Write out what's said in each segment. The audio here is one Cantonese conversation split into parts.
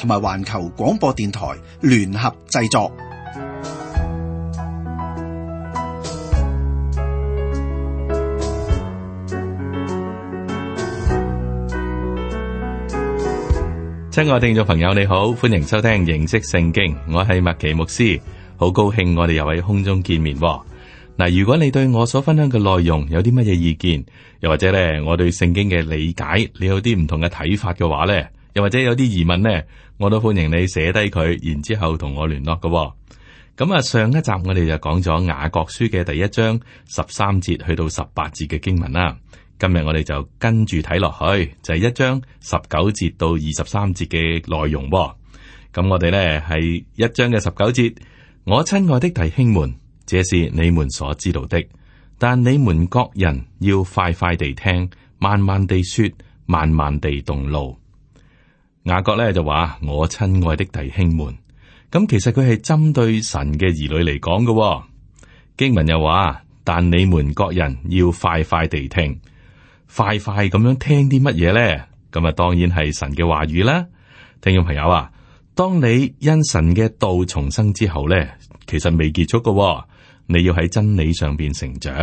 同埋環球廣播電台聯合製作，親愛嘅聽眾朋友你好，歡迎收聽認識聖經，我係麥奇牧師，好高興我哋又喺空中見面。嗱，如果你對我所分享嘅內容有啲乜嘢意見，又或者咧我對聖經嘅理解，你有啲唔同嘅睇法嘅話咧？又或者有啲疑問呢，我都歡迎你寫低佢，然之後同我聯絡嘅、哦。咁、嗯、啊，上一集我哋就講咗雅各書嘅第一章十三節去到十八節嘅經文啦。今日我哋就跟住睇落去，就係、是、一章十九節到二十三節嘅內容、哦。咁、嗯、我哋呢，係一章嘅十九節，我親愛的弟兄們，這是你們所知道的，但你們各人要快快地聽，慢慢地說，慢慢地動怒。雅各咧就話：我親愛的弟兄們，咁其實佢係針對神嘅兒女嚟講嘅。經文又話：但你們各人要快快地聽，快快咁樣聽啲乜嘢咧？咁啊，當然係神嘅話語啦。聽眾朋友啊，當你因神嘅道重生之後咧，其實未結束嘅，你要喺真理上邊成長。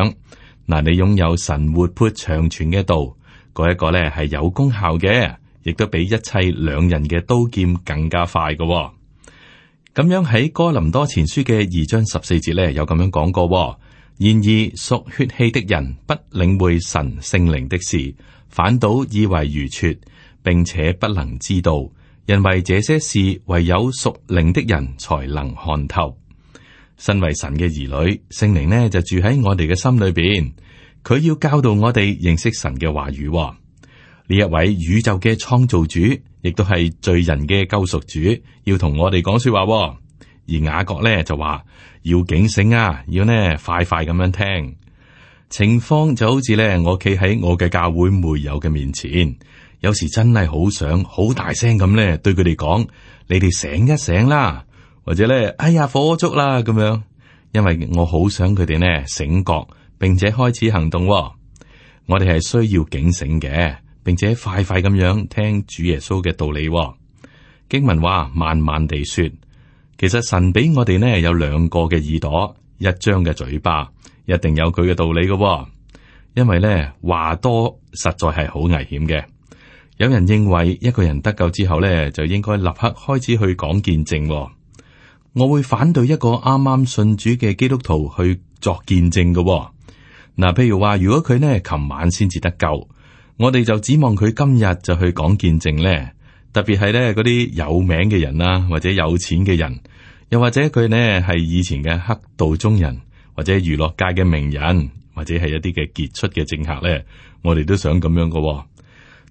嗱，你擁有神活潑長存嘅道，嗰一個咧係有功效嘅。亦都比一切兩人嘅刀劍更加快嘅，哦，咁樣喺哥林多前書嘅二章十四節呢，有咁樣講過，哦。然而屬血氣的人不領會神聖靈的事，反倒以為愚拙，並且不能知道，因為這些事唯有屬靈的人才能看透。身為神嘅兒女，聖靈呢就住喺我哋嘅心裏邊，佢要教導我哋認識神嘅話語，哦。呢一位宇宙嘅創造主，亦都係罪人嘅救贖主，要同我哋講說話。而雅各咧就話要警醒啊，要呢快快咁樣聽。情況就好似咧，我企喺我嘅教會會友嘅面前，有時真係好想好大聲咁咧對佢哋講，你哋醒一醒啦，或者咧哎呀火燭啦咁樣，因為我好想佢哋呢醒覺，並且開始行動啊。我哋係需要警醒嘅。並且快快咁樣聽主耶穌嘅道理。經文話慢慢地說，其實神俾我哋呢有兩個嘅耳朵，一張嘅嘴巴，一定有佢嘅道理嘅。因為呢話多實在係好危險嘅。有人認為一個人得救之後呢，就應該立刻開始去講見證。我會反對一個啱啱信主嘅基督徒去作見證嘅。嗱，譬如話，如果佢呢琴晚先至得救。我哋就指望佢今日就去講見證咧，特別係咧嗰啲有名嘅人啊，或者有錢嘅人，又或者佢咧係以前嘅黑道中人，或者娛樂界嘅名人，或者係一啲嘅傑出嘅政客咧，我哋都想咁樣噶、哦。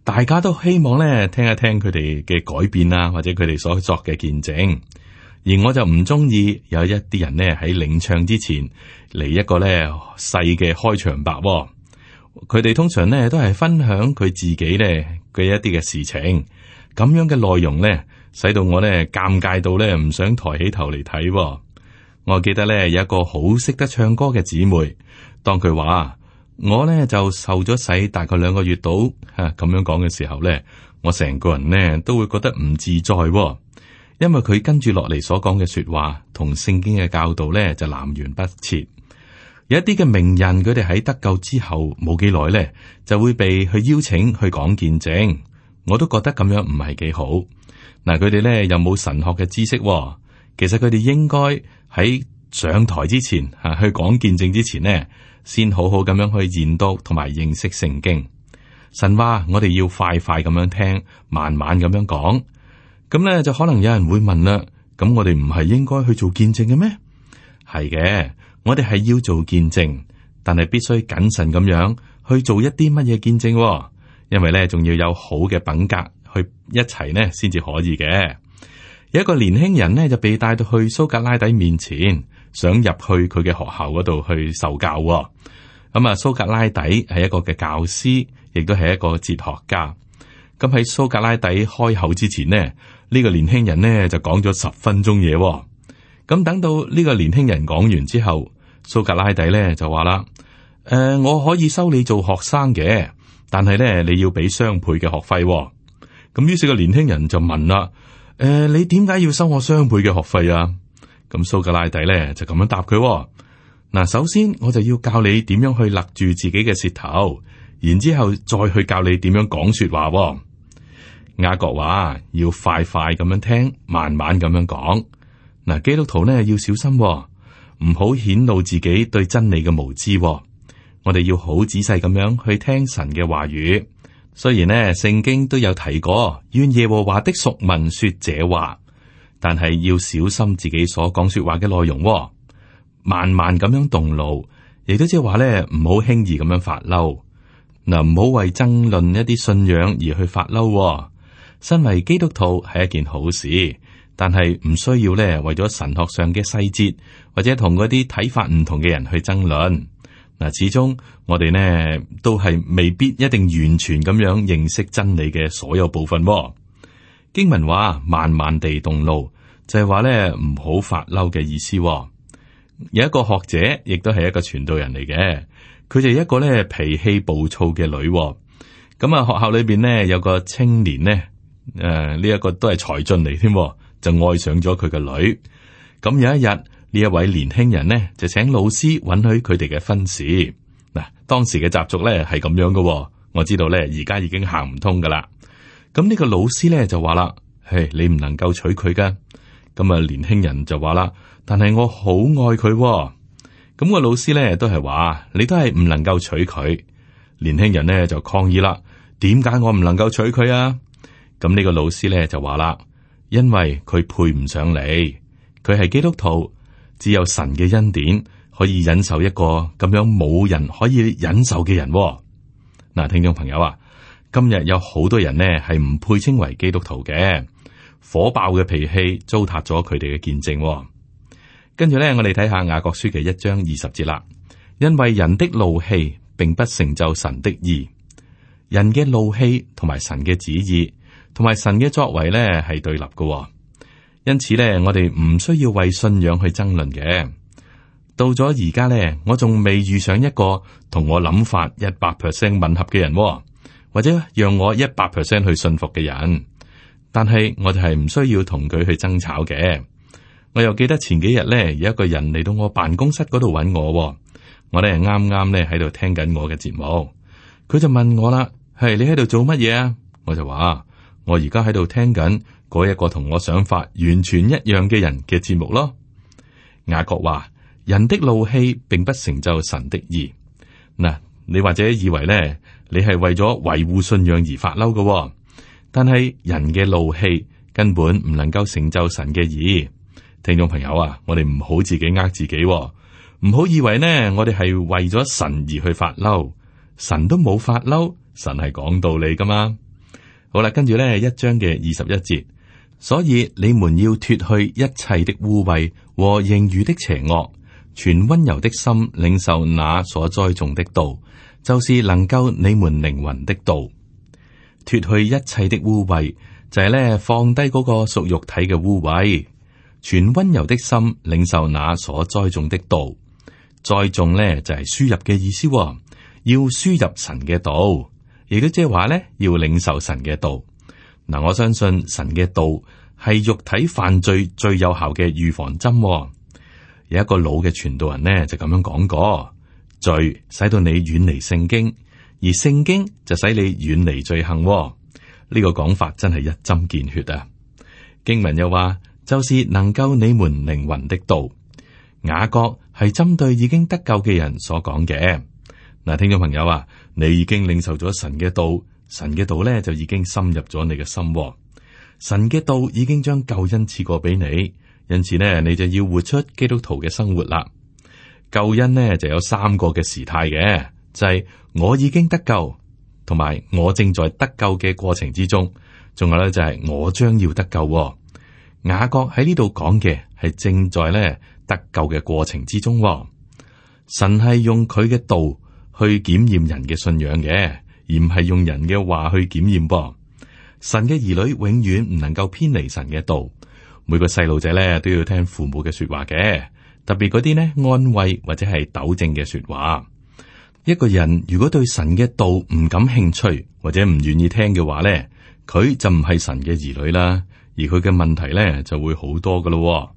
大家都希望咧聽一聽佢哋嘅改變啊，或者佢哋所作嘅見證。而我就唔中意有一啲人咧喺領唱之前嚟，一個咧細嘅開場白、哦。佢哋通常咧都係分享佢自己咧佢一啲嘅事情，咁樣嘅內容咧，使到我咧尷尬到咧唔想抬起頭嚟睇。我記得咧有一個好識得唱歌嘅姊妹，當佢話我咧就受咗洗大概兩個月到吓咁樣講嘅時候咧，我成個人咧都會覺得唔自在，因為佢跟住落嚟所講嘅說話同聖經嘅教導咧就南轅北轍。有一啲嘅名人，佢哋喺得救之後冇幾耐咧，就會被去邀請去講見證。我都覺得咁樣唔係幾好。嗱，佢哋咧又冇神學嘅知識，哦，其實佢哋應該喺上台之前吓，去講見證之前呢，先好好咁樣去研讀同埋認識聖經。神話我哋要快快咁樣聽，慢慢咁樣講。咁咧就可能有人會問啦，咁我哋唔係應該去做見證嘅咩？係嘅。我哋係要做見證，但係必須謹慎咁樣去做一啲乜嘢見證、喎，因為咧仲要有好嘅品格去一齊呢先至可以嘅。有一個年輕人呢，就被帶到去蘇格拉底面前，想入去佢嘅學校嗰度去受教、喎。咁、嗯、啊，蘇格拉底係一個嘅教師，亦都係一個哲學家。咁喺蘇格拉底開口之前呢，呢、呢個年輕人呢，就講咗十分鐘嘢、喎。咁、嗯、等到呢個年輕人講完之後。蘇格拉底咧就話啦，誒、呃，我可以收你做學生嘅，但係咧你要俾雙倍嘅學費、哦。咁於是個年輕人就問啦，誒、呃，你點解要收我雙倍嘅學費啊？咁蘇格拉底咧就咁樣答佢，嗱，首先我就要教你點樣去勒住自己嘅舌頭，然之後再去教你點樣講說話、哦。雅各話要快快咁樣聽，慢慢咁樣講。嗱，基督徒咧要小心、哦。唔好顯露自己對真理嘅無知、哦，我哋要好仔細咁樣去聽神嘅話語。雖然呢聖經都有提過，願耶和華的屬民說這話，但係要小心自己所講說話嘅內容、哦。慢慢咁樣動怒，亦都即係話咧唔好輕易咁樣發嬲。嗱，唔好為爭論一啲信仰而去發嬲。身為基督徒係一件好事。但係唔需要咧，為咗神學上嘅細節，或者同嗰啲睇法唔同嘅人去爭論。嗱，始終我哋呢都係未必一定完全咁樣認識真理嘅所有部分、哦。經文話慢慢地動怒，就係話咧唔好發嬲嘅意思、哦。有一個學者亦都係一個傳道人嚟嘅，佢就係一個咧脾氣暴躁嘅女。咁啊，學校裏邊呢有個青年呢，誒、呃、呢、這、一個都係才俊嚟添。就愛上咗佢嘅女，咁有一日呢，一位年輕人呢就請老師允許佢哋嘅婚事。嗱，當時嘅習俗咧係咁樣嘅，哦，我知道咧而家已經行唔通噶啦。咁呢個老師咧就話啦：，嘿，你唔能夠娶佢噶。咁啊，年輕人就話啦：，但係我好愛佢，哦。咁個老師咧都係話：，你都係唔能夠娶佢。年輕人咧就抗議啦：，點解我唔能夠娶佢啊？咁呢個老師咧就話啦。因為佢配唔上你，佢係基督徒，只有神嘅恩典可以忍受一個咁樣冇人可以忍受嘅人。嗱，聽眾朋友啊，今日有好多人呢係唔配稱為基督徒嘅，火爆嘅脾氣糟蹋咗佢哋嘅見證。跟住咧，我哋睇下雅各書記一章二十節啦。因為人的怒氣並不成就神的義，人嘅怒氣同埋神嘅旨意。同埋神嘅作為咧係對立嘅。哦，因此咧我哋唔需要為信仰去爭論嘅。到咗而家咧，我仲未遇上一個同我諗法一百 percent 吻合嘅人。哦，或者讓我一百 percent 去信服嘅人。但係我哋係唔需要同佢去爭吵嘅。我又記得前幾日咧，有一個人嚟到我辦公室嗰度揾我。哦，我哋係啱啱咧喺度聽緊我嘅節目，佢就問我啦：，係、hey, 你喺度做乜嘢啊？我就話。我而家喺度聽緊嗰一個同我想法完全一樣嘅人嘅節目咯。雅各話：人的怒氣並不成就神的義。嗱，你或者以為咧，你係為咗維護信仰而發嬲嘅，但係人嘅怒氣根本唔能夠成就神嘅義。聽眾朋友啊，我哋唔好自己呃自己，唔好以為呢，我哋係為咗神而去發嬲，神都冇發嬲，神係講道理㗎嘛。好啦，跟住咧一章嘅二十一節，所以你們要脫去一切的污穢和盈餘的邪惡，全溫柔的心領受那所栽種的道，就是能夠你們靈魂的道。脫去一切的污穢，就係、是、咧放低嗰個屬肉體嘅污穢，全溫柔的心領受那所栽種的道。栽種咧就係、是、輸入嘅意思、哦，要輸入神嘅道。亦都即係話咧，要領受神嘅道。嗱，我相信神嘅道係肉體犯罪最有效嘅預防針。有一個老嘅傳道人呢，就咁樣講過：罪使到你遠離聖經，而聖經就使你遠離罪行。呢個講法真係一針見血啊！經文又話，就是能夠你們靈魂的道。雅各係針對已經得救嘅人所講嘅。嗱，聽眾朋友啊。你已經領受咗神嘅道，神嘅道咧就已經深入咗你嘅心，哦。神嘅道已經將救恩賜過俾你，因此咧你就要活出基督徒嘅生活啦。救恩咧就有三個嘅時態嘅，就係、是、我已經得救，同埋我正在得救嘅過程之中，仲有咧就係、是、我將要得救，哦。雅各喺呢度講嘅係正在咧得救嘅過程之中，哦。神係用佢嘅道，去檢驗人嘅信仰嘅，而唔係用人嘅話去檢驗噃。神嘅兒女永遠唔能夠偏離神嘅道。每個細路仔咧，都要聽父母嘅說話嘅，特別嗰啲呢，安慰或者係糾正嘅說話。一個人如果對神嘅道唔感興趣或者唔願意聽嘅話咧，佢就唔係神嘅兒女啦。而佢嘅問題咧就會好多噶咯。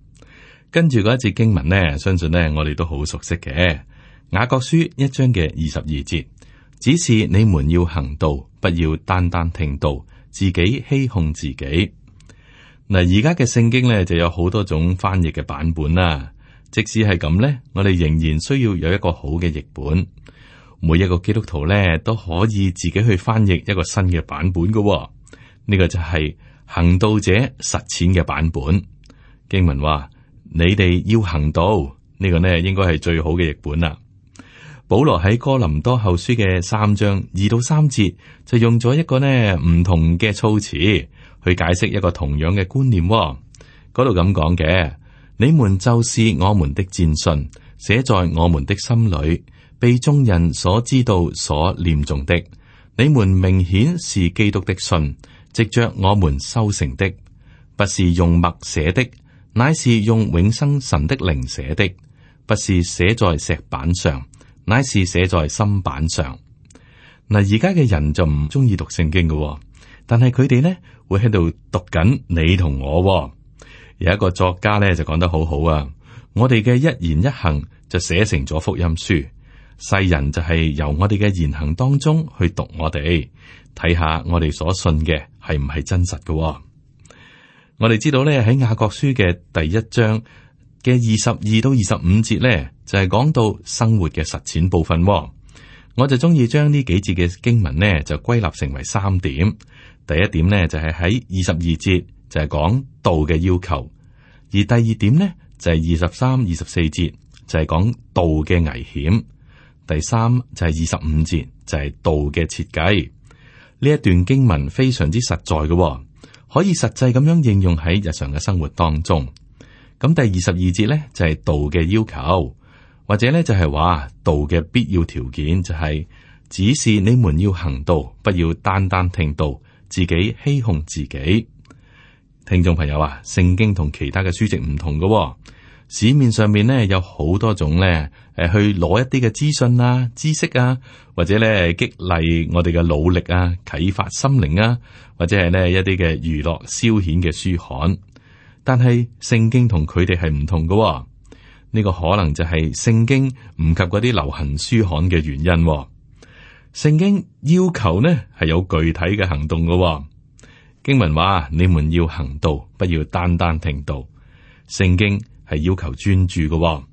跟住嗰一節經文咧，相信咧我哋都好熟悉嘅。雅各書一章嘅二十二節，只是你們要行道，不要單單聽道，自己欺哄自己。嗱，而家嘅聖經咧就有好多種翻譯嘅版本啦。即使係咁咧，我哋仍然需要有一個好嘅譯本。每一個基督徒咧都可以自己去翻譯一個新嘅版本噶。呢個就係行道者實踐嘅版本。經文話，你哋要行道呢個呢應該係最好嘅譯本啦。保羅喺哥林多後書嘅三章二到三節，就用咗一個呢唔同嘅措辭去解釋一個同樣嘅觀念，哦。嗰度咁講嘅，你們就是我們的薦信，寫在我們的心裏，被眾人所知道、所念誦的。你們明顯是基督的信，藉着我們修成的，不是用墨寫的，乃是用永生神的靈寫的，不是寫在石板上。乃是寫在心板上。嗱，而家嘅人就唔中意讀聖經嘅，但係佢哋呢會喺度讀緊你同我。有一個作家咧就講得好好啊，我哋嘅一言一行就寫成咗福音書，世人就係由我哋嘅言行當中去讀我哋，睇下我哋所信嘅係唔係真實嘅。我哋知道咧喺雅各書嘅第一章嘅二十二到二十五節咧。就係講到生活嘅實踐部分、哦，我就中意將呢幾節嘅經文呢，就歸納成為三點。第一點呢，就係喺二十二節就係、是、講道嘅要求，而第二點呢，就係二十三、二十四節就係、是、講道嘅危險。第三，就係二十五節就係、是、道嘅設計。呢一段經文非常之實在嘅、哦，可以實際咁樣應用喺日常嘅生活當中。咁第二十二節呢，就係、是、道嘅要求。或者咧，就係話道嘅必要條件，就係指示你們要行道，不要單單聽道，自己欺哄自己。聽眾朋友啊，聖經同其他嘅書籍唔同噶喎，市面上面呢，有好多種呢，誒去攞一啲嘅資訊啊、知識啊，或者呢激勵我哋嘅努力啊、啟發心靈啊，或者係呢一啲嘅娛樂消遣嘅書刊，但係聖經同佢哋係唔同噶。呢個可能就係聖經唔及嗰啲流行書刊嘅原因，哦。聖經要求呢係有具體嘅行動嘅，哦。經文話：你們要行道，不要單單聽道。聖經係要求專注嘅，哦。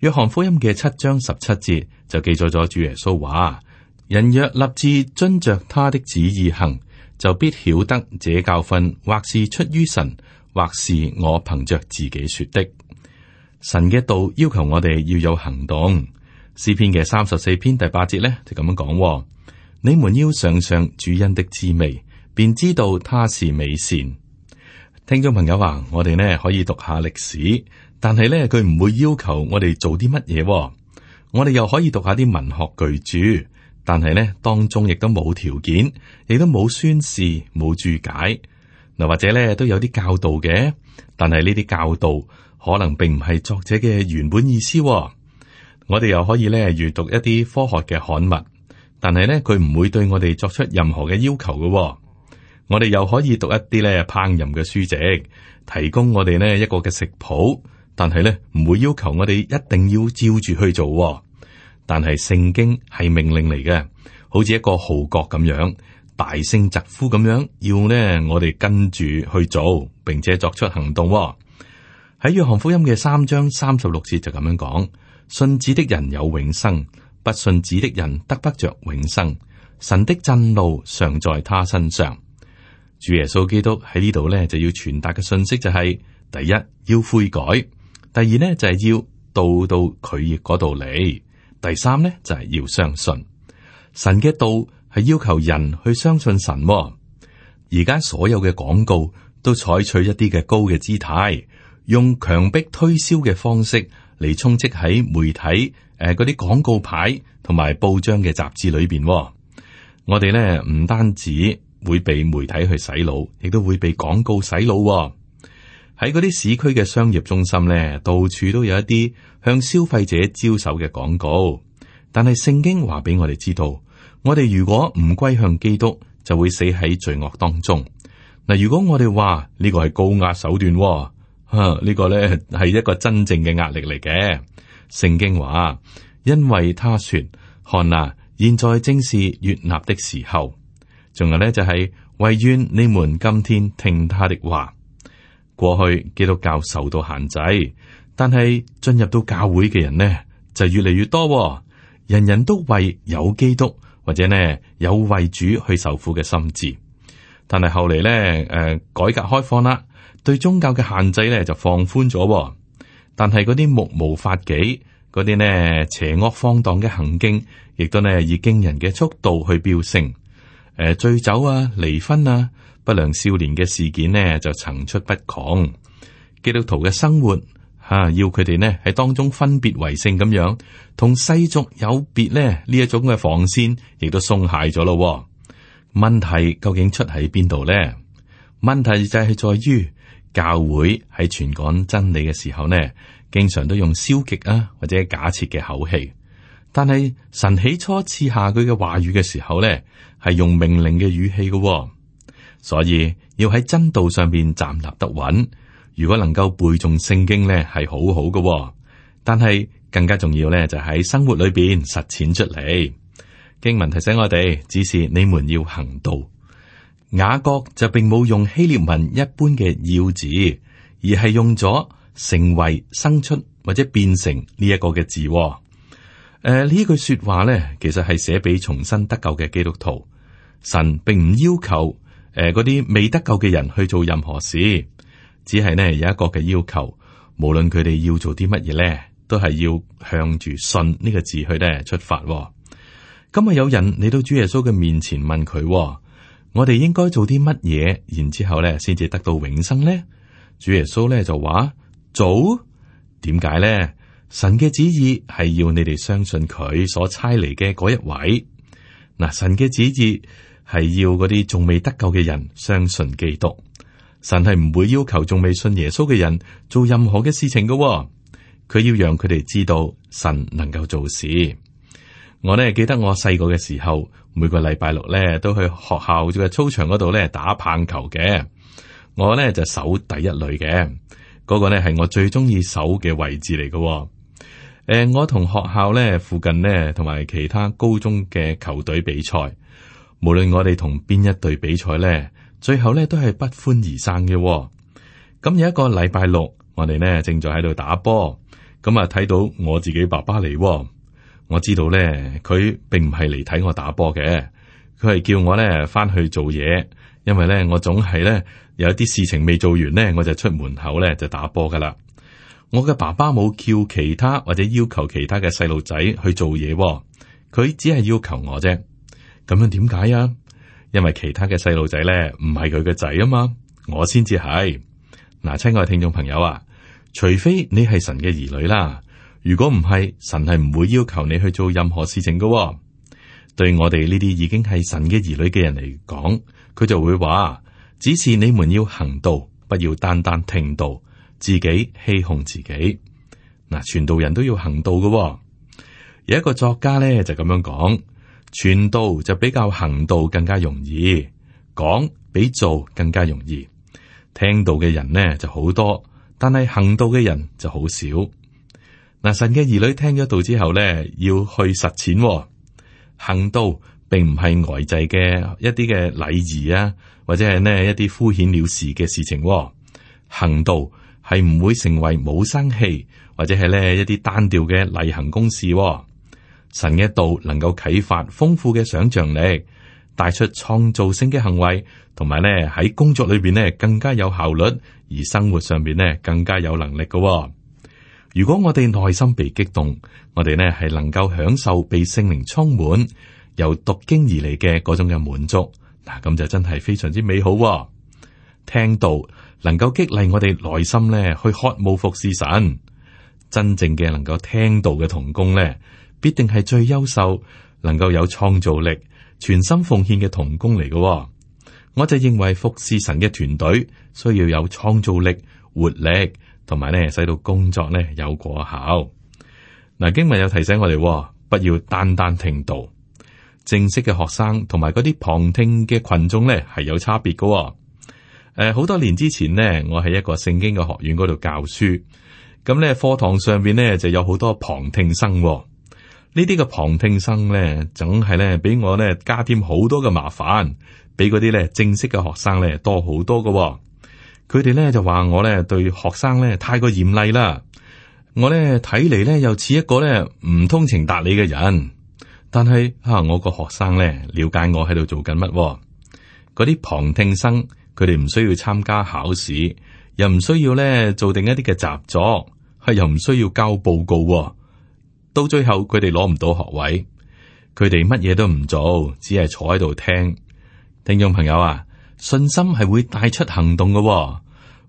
約翰福音嘅七章十七節就記載咗主耶穌話：人若立志遵着他的旨意行，就必曉得這教訓或是出於神，或是我憑着自己說的。神嘅道要求我哋要有行動，詩篇嘅三十四篇第八節咧就咁樣講：你們要嘗嘗主恩的滋味，便知道他是美善。聽眾朋友話：我哋呢可以讀下歷史，但係咧佢唔會要求我哋做啲乜嘢；我哋又可以讀下啲文學巨著，但係咧當中亦都冇條件，亦都冇宣示、冇注解，嗱或者咧都有啲教導嘅，但係呢啲教導。可能並唔係作者嘅原本意思喎，我哋又可以咧閱讀一啲科學嘅刊物，但係咧佢唔會對我哋作出任何嘅要求嘅喎。我哋又可以讀一啲咧烹飪嘅書籍，提供我哋呢一個嘅食譜，但係咧唔會要求我哋一定要照住去做喎。但係聖經係命令嚟嘅，好似一個號角咁樣，大聲疾呼咁樣，要呢我哋跟住去做，並且作出行動喎。喺約翰福音嘅三章三十六節就咁樣講：信子的人有永生，不信子的人得不着永生。神的震怒常在他身上。主耶穌基督喺呢度咧，就要傳達嘅信息就係、是：第一要悔改；第二咧就係、是、要到到佢亦嗰度嚟；第三咧就係、是、要相信神嘅道係要求人去相信神、哦。而家所有嘅廣告都採取一啲嘅高嘅姿態。用強迫推銷嘅方式嚟充斥喺媒體誒嗰啲廣告牌同埋報章嘅雜誌裏邊、哦。我哋咧唔單止會被媒體去洗腦，亦都會被廣告洗腦、哦。喺嗰啲市區嘅商業中心咧，到處都有一啲向消費者招手嘅廣告。但係聖經話俾我哋知道，我哋如果唔歸向基督，就會死喺罪惡當中。嗱，如果我哋話呢個係高壓手段、哦。呢個呢係一個真正嘅壓力嚟嘅。聖經話，因為他說，漢娜，現在正是悅納的時候。仲有呢就係為願你們今天聽他的話。過去基督教受到限制，但係進入到教會嘅人呢就越嚟越多，人人都為有基督或者呢有為主去受苦嘅心智。但係後嚟咧，誒、呃，改革開放啦，對宗教嘅限制咧就放寬咗，但係嗰啲目無法紀，嗰啲咧邪惡荒蕩嘅行徑，亦都呢以驚人嘅速度去飆升。誒、呃，醉酒啊、離婚啊、不良少年嘅事件呢，就層出不窮。基督徒嘅生活吓、啊，要佢哋呢喺當中分別為聖咁樣，同世俗有別咧呢一種嘅防線，亦都鬆懈咗咯。問題究竟出喺邊度呢？問題就係在於教會喺傳講真理嘅時候呢，經常都用消極啊或者假設嘅口氣。但係神起初賜下佢嘅話語嘅時候呢，係用命令嘅語氣嘅喎。所以要喺真道上面站立得穩。如果能夠背誦聖經呢，係好好嘅喎。但係更加重要咧，就喺生活裏邊實踐出嚟。經文提醒我哋，指示你們要行道。雅各就並冇用希臘文一般嘅要字，而係用咗成為、生出或者變成呢一個嘅字。誒、呃，句呢句說話咧，其實係寫俾重新得救嘅基督徒。神並唔要求誒嗰啲未得救嘅人去做任何事，只係呢有一個嘅要求，無論佢哋要做啲乜嘢咧，都係要向住信呢個字去咧出發。今日有人嚟到主耶穌嘅面前問佢、哦，我哋應該做啲乜嘢？然之後咧先至得到永生呢？主耶穌咧就話：做，點解咧？神嘅旨意係要你哋相信佢所差嚟嘅嗰一位。嗱，神嘅旨意係要嗰啲仲未得救嘅人相信基督。神係唔會要求仲未信耶穌嘅人做任何嘅事情噶、哦。佢要讓佢哋知道神能夠做事。我呢記得我細個嘅時候，每個禮拜六呢都去學校嘅操場嗰度呢打棒球嘅。我呢就守第一壘嘅，嗰、那個呢係我最中意守嘅位置嚟嘅、哦。誒、呃，我同學校呢附近呢，同埋其他高中嘅球隊比賽，無論我哋同邊一隊比賽呢，最後呢都係不歡而散嘅、哦。咁有一個禮拜六，我哋呢正在喺度打波，咁啊睇到我自己爸爸嚟、哦。我知道咧，佢並唔係嚟睇我打波嘅，佢係叫我咧翻去做嘢，因為咧我總係咧有啲事情未做完咧，我就出門口咧就打波噶啦。我嘅爸爸冇叫其他或者要求其他嘅細路仔去做嘢，佢只係要求我啫。咁樣點解啊？因為其他嘅細路仔咧唔係佢嘅仔啊嘛，我先至係。嗱，親愛聽眾朋友啊，除非你係神嘅兒女啦。如果唔係，神係唔會要求你去做任何事情噶。喎，對我哋呢啲已經係神嘅兒女嘅人嚟講，佢就會話：只是你們要行道，不要單單聽道，自己欺哄自己。嗱，傳道人都要行道噶。喎，有一個作家咧就咁樣講：傳道就比較行道更加容易，講比做更加容易。聽到嘅人呢就好多，但係行道嘅人就好少。嗱，神嘅兒女聽咗道之後咧，要去實踐、哦、行道，並唔係外在嘅一啲嘅禮儀啊，或者係呢一啲敷衍了事嘅事情、哦。行道係唔會成為冇生氣，或者係呢一啲單調嘅例行公事、哦。神嘅道能夠啟發豐富嘅想象力，帶出創造性嘅行為，同埋呢喺工作裏邊呢更加有效率，而生活上邊呢更加有能力嘅、哦。如果我哋內心被激動，我哋呢係能夠享受被聖靈充滿，由讀經而嚟嘅嗰種嘅滿足，嗱咁就真係非常之美好、哦。聽道能夠激勵我哋內心呢去渴慕服侍神，真正嘅能夠聽道嘅同工呢，必定係最優秀、能夠有創造力、全心奉獻嘅同工嚟嘅、哦。我就認為服侍神嘅團隊需要有創造力、活力。同埋咧，使到工作咧有過效。嗱，經文有提醒我哋，不要單單聽道。正式嘅學生同埋嗰啲旁聽嘅群眾咧，係有差別嘅。誒，好多年之前呢，我喺一個聖經嘅學院嗰度教書，咁咧課堂上邊咧就有好多旁聽生。呢啲嘅旁聽生咧，總係咧俾我咧加添好多嘅麻煩，比嗰啲咧正式嘅學生咧多好多嘅。佢哋咧就話我咧對學生咧太過嚴厲啦，我咧睇嚟，咧又似一個咧唔通情達理嘅人，但係啊我個學生咧了解我喺度做緊乜，嗰啲旁聽生佢哋唔需要參加考試，又唔需要咧做定一啲嘅習作，係又唔需要交報告，到最後佢哋攞唔到學位，佢哋乜嘢都唔做，只係坐喺度聽。聽眾朋友啊，信心係會帶出行動㗎。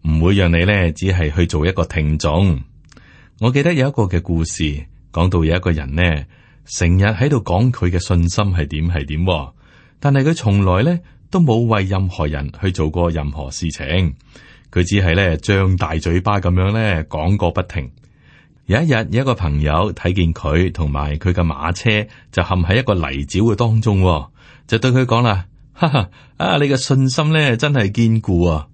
唔會讓你咧，只係去做一個聽眾。我記得有一個嘅故事，講到有一個人呢，成日喺度講佢嘅信心係點係點，但係佢從來呢，都冇為任何人去做過任何事情。佢只係咧張大嘴巴咁樣咧講個不停。有一日，有一個朋友睇見佢同埋佢嘅馬車就陷喺一個泥沼嘅當中，就對佢講啦：「哈哈，啊，你嘅信心咧真係堅固啊！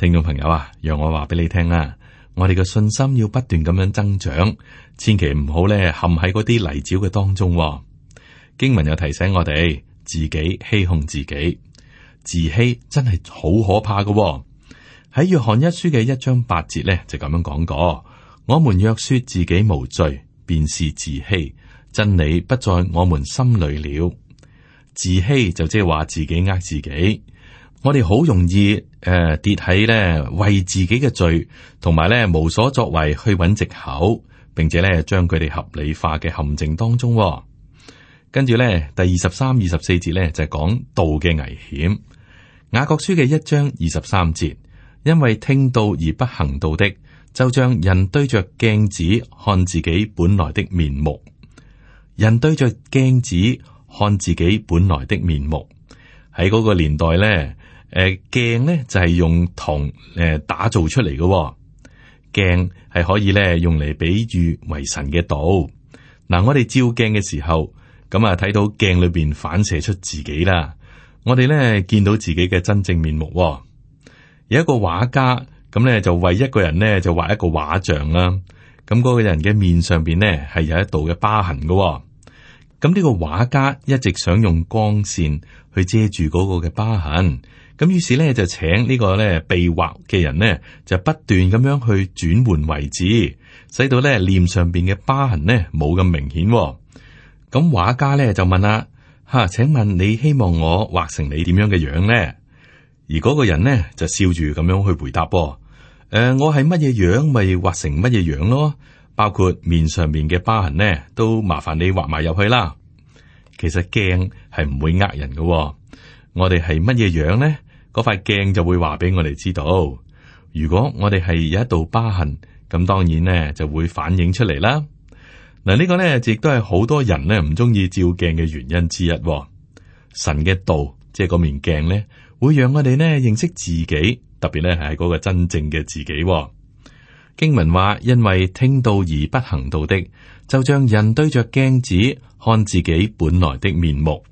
聽眾朋友啊，讓我話俾你聽啊，我哋嘅信心要不斷咁樣增長，千祈唔好咧陷喺嗰啲泥沼嘅當中，哦。經文又提醒我哋自己欺哄自己，自欺真係好可怕嘅，哦。喺約翰一書嘅一章八節咧就咁樣講過：我們若說自己無罪，便是自欺，真理不在我們心裏了。自欺就即係話自己呃自己。我哋好容易誒、呃、跌喺咧為自己嘅罪，同埋咧無所作為去揾藉口，並且咧將佢哋合理化嘅陷阱當中，哦。跟住咧第二十三、二十四節咧就係、是、講道嘅危險。雅各書嘅一章二十三節，因為聽到而不行道的，就像人對着鏡子看自己本來的面目。人對着鏡子看自己本來的面目，喺嗰個年代咧。誒，鏡咧就係用銅誒打造出嚟嘅。鏡係可以咧用嚟比喻為神嘅道嗱。我哋照鏡嘅時候，咁啊睇到鏡裏邊反射出自己啦。我哋咧見到自己嘅真正面目。有一個畫家咁咧就為一個人咧就畫一個畫像啦。咁、那、嗰個人嘅面上邊咧係有一道嘅疤痕噶。咁呢個畫家一直想用光線去遮住嗰個嘅疤痕。咁於是咧就請呢個咧被畫嘅人呢，就不斷咁樣去轉換位置，使到咧臉上邊嘅疤痕呢冇咁明顯。咁畫家咧就問啦：嚇、啊，請問你希望我畫成你點樣嘅樣咧？而嗰個人呢，就笑住咁樣去回答噃：誒、呃，我係乜嘢樣咪畫成乜嘢樣咯？包括面上面嘅疤痕呢都麻煩你畫埋入去啦。其實鏡係唔會呃人嘅，我哋係乜嘢樣咧？嗰塊鏡就會話俾我哋知道，如果我哋係有一道疤痕，咁當然呢就會反映出嚟啦。嗱，呢個呢亦都係好多人呢唔中意照鏡嘅原因之一、哦。神嘅道即係嗰面鏡呢，會讓我哋呢認識自己，特別呢係嗰個真正嘅自己、哦。經文話：因為聽道而不行道的，就像人對着鏡子看自己本來的面目。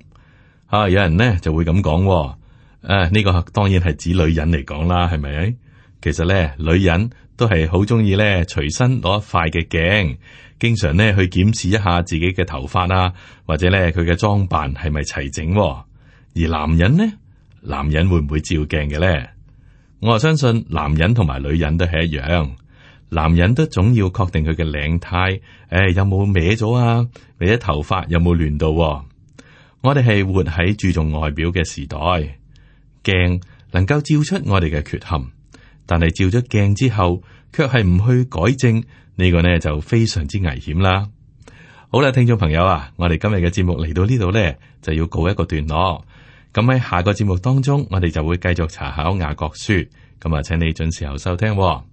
啊，有人呢就會咁講、哦。誒，呢、啊，這個當然係指女人嚟講啦，係咪？其實咧，女人都係好中意咧，隨身攞一塊嘅鏡，經常咧去檢視一下自己嘅頭髮啊，或者咧佢嘅裝扮係咪齊整、哦。而男人呢，男人會唔會照鏡嘅咧？我啊相信男人同埋女人都係一樣，男人都總要確定佢嘅領呔誒、哎、有冇歪咗啊，或者頭髮有冇亂到、啊。我哋係活喺注重外表嘅時代。鏡能夠照出我哋嘅缺陷，但係照咗鏡之後，卻係唔去改正呢、這個呢就非常之危險啦。好啦，聽眾朋友啊，我哋今日嘅節目嚟到呢度呢，就要告一個段落。咁、嗯、喺下個節目當中，我哋就會繼續查考雅各書。咁、嗯、啊，請你準時候收聽、哦。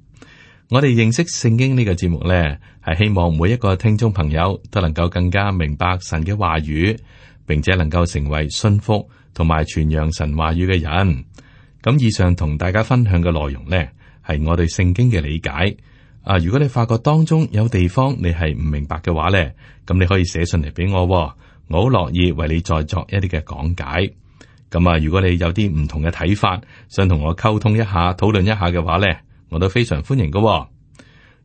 我哋認識聖經呢個節目呢，係希望每一個聽眾朋友都能夠更加明白神嘅話語，並且能夠成為信福。同埋傳揚神話語嘅人，咁以上同大家分享嘅內容呢，係我對聖經嘅理解。啊，如果你發覺當中有地方你係唔明白嘅話呢，咁你可以寫信嚟俾我，我好樂意為你再作一啲嘅講解。咁啊，如果你有啲唔同嘅睇法，想同我溝通一下，討論一下嘅話呢，我都非常歡迎㗎。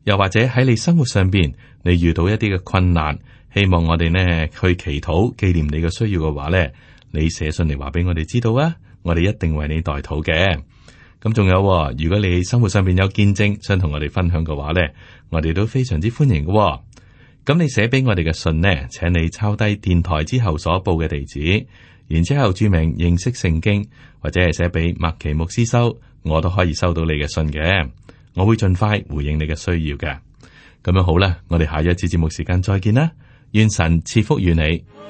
又或者喺你生活上邊，你遇到一啲嘅困難，希望我哋呢去祈禱紀念你嘅需要嘅話呢，你寫信嚟話俾我哋知道啊，我哋一定為你代禱嘅。咁仲有，如果你生活上面有見證想同我哋分享嘅話呢，我哋都非常之歡迎嘅。咁你寫俾我哋嘅信呢，請你抄低電台之後所報嘅地址，然之後注明認識聖經或者係寫俾麥奇牧師收，我都可以收到你嘅信嘅。我會盡快回應你嘅需要嘅。咁樣好啦，我哋下一次節目時間再見啦，願神賜福與你。